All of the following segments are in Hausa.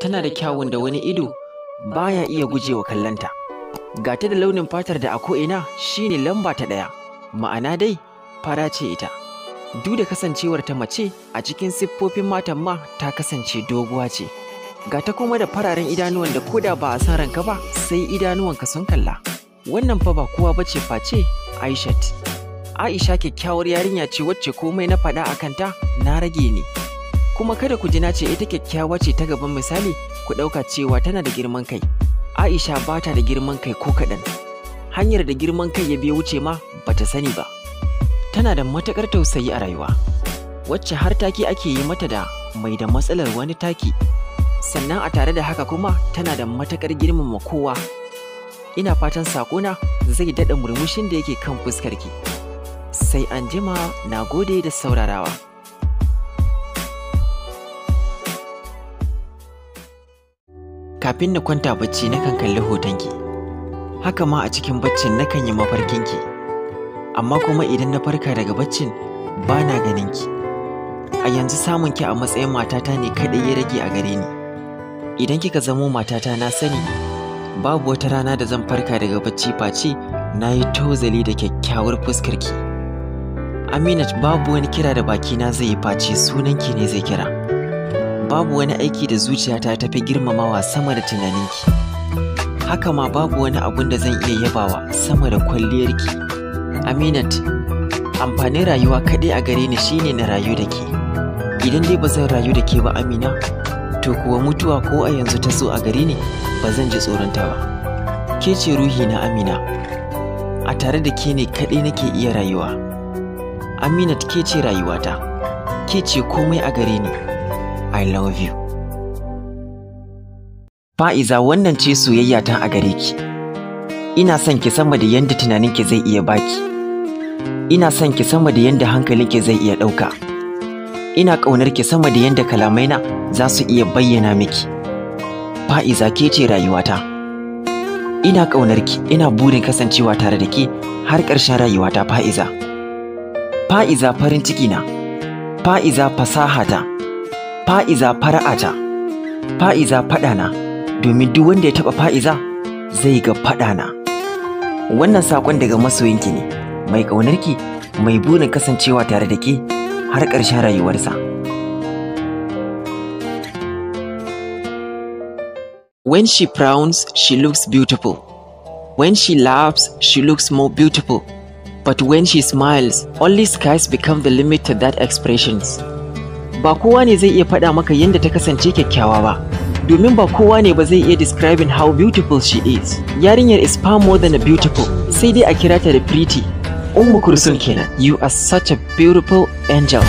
tana da kyawun da wani ido baya iya gujewa kallanta ga ta da launin fatar da a ko'ina shine lamba ta ɗaya ma'ana dai fara ce ita duk da kasancewar ta mace a cikin siffofin matan ma ta kasance doguwa ce ga ta kuma da fararen idanuwan da koda ba a san ranka ba sai idanuwanka sun kalla wannan fa ba kowa bace face Aishat Aisha kyakkyawar yarinya ce wacce komai na faɗa a kanta na rage ne kuma kada ku ji na ce ita kyakkyawa ce ta gaban misali ku ɗauka cewa tana da girman kai aisha ba ta da girman kai ko kaɗan hanyar da girman kai ya biya wuce ma ba ta sani ba tana da matuƙar tausayi a rayuwa wacce har taki ake yi mata da mai da matsalar wani taki sannan a tare da haka kuma tana da matuƙar girmama kowa ina fatan sakona zai daɗa murmushin da yake kan fuskarki sai anjima na gode da saurarawa kafin na kwanta bacci nakan kalli hotonki haka ma a cikin baccin nakan yi mafarkin ki. amma kuma idan na farka daga baccin ba na ki. a yanzu samun ki a matsayin matata ne kaɗai ya rage a gare ni idan kika zamo matata na sani babu wata rana da zan farka daga bacci face na yi tozali da kyakkyawar fuskarki aminat babu wani kira da baki na zai yi face sunanki ne zai kira babu wani aiki da zuciyata ta fi girmamawa sama da tunaninki haka ma babu wani abun da zan iya yabawa sama da kwalliyarki aminat amfanin rayuwa kaɗai a gare ni shine na rayu da ke idan dai ba zan rayu da ke ba amina to kuwa mutuwa ko a yanzu ta zo a gare ni ba zan ji tsoronta ba ke ce ruhi na amina a tare da ke ne kaɗai nake iya rayuwa aminat ke ce rayuwata ke ce komai a gare ni I love you. Fa'iza wannan ce soyayya ta a gare ki. Ina son ki sama da tunanin tunaninki zai iya baki. Ina son ki sama da yanda ki zai iya ɗauka. Ina ƙaunar ki sama da yadda kalamaina za su iya bayyana miki. Fa'iza ke ce rayuwata. Ina ƙaunar ki, ina burin kasancewa tare da ke har ƙarshen rayuwata Fa'iza. Fa'iza farin ciki na. Fa'iza fasahata. fa'iza fara'ata fa'iza faɗana domin duk wanda ya taɓa fa'iza zai ga faɗana wannan saƙon daga masoyinki ne mai ƙaunarki mai burin kasancewa tare da ke har ƙarshen rayuwarsa When she frowns, she looks beautiful. When she laughs, she looks more beautiful. But when she smiles, only skies become the limit to that expressions. ba kowa ne zai iya faɗa maka yadda ta kasance kyakkyawa ba domin ba kowa ne ba zai iya describing how beautiful she is yarinyar is far more than a beautiful sai dai a kira ta da pretty ummu kursun kenan you are such a beautiful angel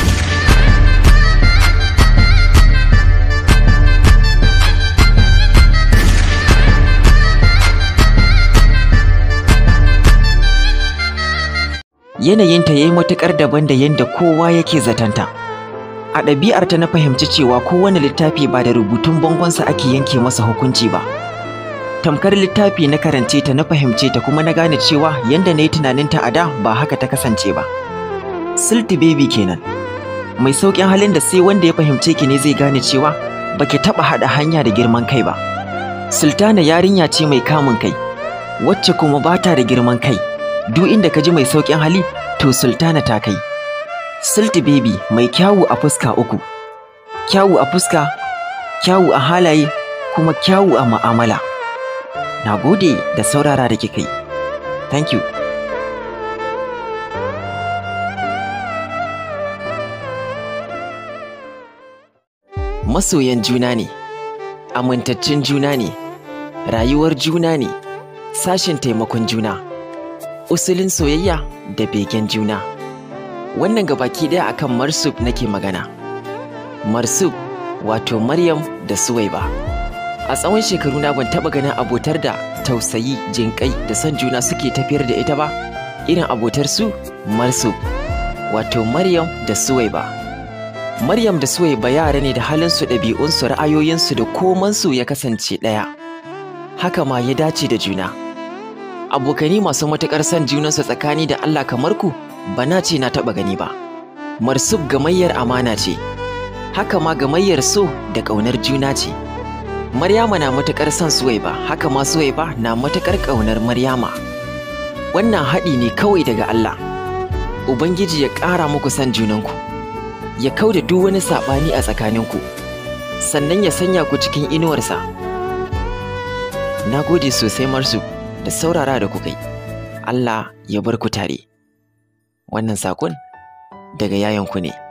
yanayinta ya yi matuƙar daban da yadda kowa yake zatanta. A ɗabi'ar ta na fahimci cewa kowane littafi ba da rubutun bangonsa ake yanke masa hukunci ba. Tamkar littafi na karance ta na fahimce ta kuma na gane cewa yanda na yi tunaninta a da ba haka ta kasance ba. Silti baby kenan. Mai sauƙin halin da sai wanda ya fahimce ki ne zai gane cewa ba ki taɓa haɗa hanya da girman kai ba. Sultana yarinya ce mai kamun kai, wacce kuma ba ta da girman kai, duk inda ka ji mai sauƙin hali, to Sultana ta kai. silti Baby mai kyawu a fuska uku, kyawu a fuska, kyawu a halaye, kuma kyawu a ma'amala. Na gode da saurara da kika yi. Thank you. Masoyan juna ne, amintaccen juna ne, rayuwar juna ne, sashen taimakon juna, usulin soyayya da begen juna. wannan gabaki ɗaya akan marsub nake magana marsub wato maryam da suwaiba a tsawon shekaru na ban taɓa ganin abotar da tausayi jinƙai da son juna suke tafiyar da ita ba irin abotar su marsub wato maryam da suwaiba maryam da suwaiba yara ne da halinsu ɗabi'unsu ra'ayoyinsu da komansu ya kasance ɗaya haka ma ya dace da juna abokani masu matuƙar son junansu tsakani da allah kamar ku bana ce na taɓa gani ba marsub gamayyar amana ce haka ma gamayyar so da ƙaunar juna ce maryama na matuƙar son suwaiba haka ma suwaiba na matuƙar ƙaunar maryama wannan haɗi ne kawai daga allah ubangiji ya ƙara muku son junanku ya kau da duk wani saɓani a tsakaninku sannan ya sanya ku cikin inuwarsa na gode sosai marsu da saurara da kuka allah ya bar ku tare wannan sakon daga yayanku ne